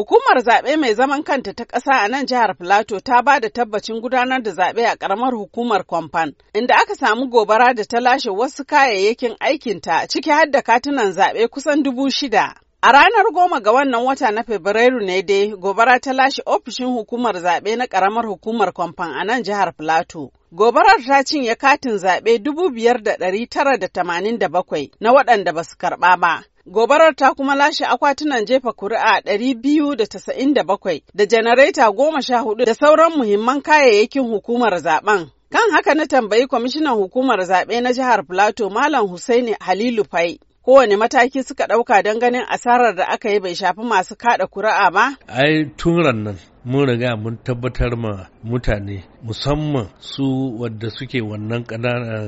Hukumar zaɓe mai zaman kanta ta ƙasa a nan jihar Filato ta ba da tabbacin gudanar da zaɓe a ƙaramar hukumar Kwamfan, inda aka samu gobara da ta lashe wasu kayayyakin aikinta ciki har da katunan zaɓe kusan dubu shida. A ranar goma ga wannan wata na Fabrairu ne dai gobara ta lashe ofishin hukumar zaɓe na ƙaramar hukumar kwamfan a nan jihar Filato. Gobarar ta cinye katin zaɓe dubu biyar da ɗari tara da tamanin da bakwai na waɗanda ba su karɓa ba. Gobarar ta kuma lashe akwatunan jefa kuri'a ɗari biyu da tasa'in da bakwai da janareta goma sha hudu da sauran muhimman kayayyakin hukumar zaɓen. Kan haka na tambayi kwamishinan hukumar zaɓe na jihar Filato Malam Hussaini Halilu Fai kowane mataki suka ɗauka don ganin asarar da aka yi bai shafi masu kaɗa kuri'a ba? Ai tun nan mun riga mun tabbatar ma mutane musamman su wadda suke wannan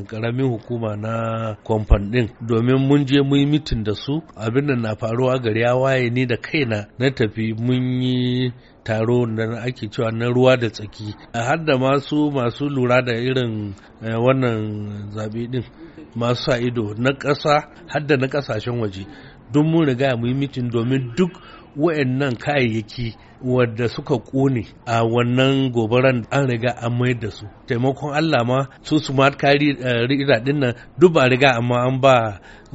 karamin hukuma na kwamfan din domin mun je mun yi mitin da su abin da na faruwa gari ya waye ni da kaina na tafi mun yi taro da ake cewa na ruwa da tsaki har da masu masu lura da irin eh, wannan zaɓe din masu sa ido na ƙasa har na ƙasashen waje duk mun riga mun yi mitin domin duk wa'annan kayayyaki wadda suka kone a wannan gobaran an riga an mai da su taimakon Allah ma su smart kari eh, rira din nan duk ba riga amma an ba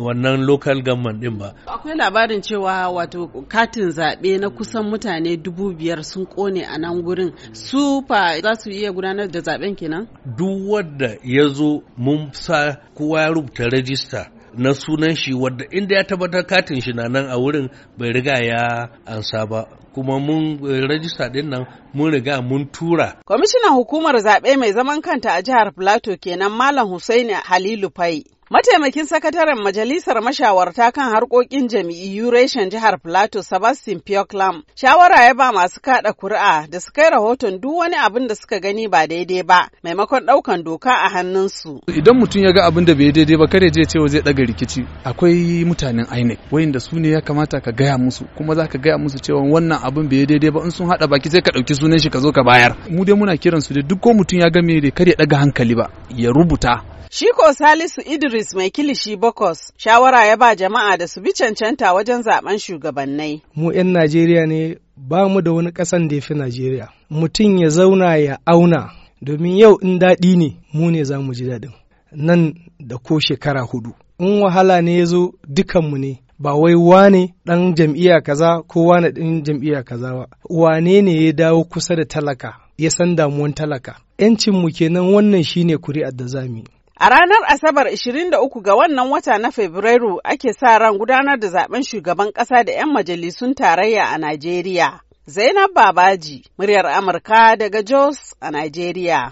wannan local government din ba akwai labarin cewa wato katin zaɓe na kusan mutane dubu biyar sun kone a nan gurin su za su iya gudanar da zaɓen kenan duk wadda ya zo mun sa kowa ya rubuta rajista na sunan shi wadda inda ya tabbatar katin shi na nan a wurin bai riga ya ansa ba kuma mun rajista din nan mun riga mun tura. Kwamishinan hukumar zaɓe mai zaman kanta a jihar Plateau kenan Malam Hussaini Halilu Fai. Mataimakin sakataren Majalisar Mashawarta kan harkokin jami'i reshen jihar Plateau Sebastian Pioklam shawara ya ba masu kada kuri'a da su kai rahoton duk wani abin da suka gani ba daidai ba maimakon daukan doka a hannunsu. Idan mutum ya ga abin da bai daidai ba kare je cewa zai daga rikici akwai mutanen INEC wayanda su ne ya kamata ka gaya musu kuma za ka gaya musu cewa wannan abin bai daidai ba in sun hada baki sai ka dauki sunan shi ka zo ka bayar. Mu dai muna kiran su da duk ko mutum ya ga me da kare daga hankali ba ya rubuta. Shiko Salisu Idris Idris mai kilishi Bokos shawara ya ba jama'a da su bi cancanta wajen zaben shugabannai. Mu 'yan Najeriya ne ba mu da wani ƙasan da ya fi Najeriya. Mutum ya zauna ya auna domin yau in daɗi ne mu ne za mu ji daɗin nan da ko shekara hudu. In wahala ne ya zo dukanmu ne ba wai wane ɗan jam'iyya kaza ko wane ɗan jam'iyya kaza ba. Wane ne ya dawo kusa da talaka ya san damuwan talaka. 'Yancinmu kenan wannan shine kuri'ar da zami. A ranar Asabar 23 ga wannan wata na Fabrairu ake sa ran gudanar da zaben shugaban ƙasa da 'yan majalisun tarayya a Najeriya. Zainab Babaji, muryar Amurka daga Jos a Najeriya.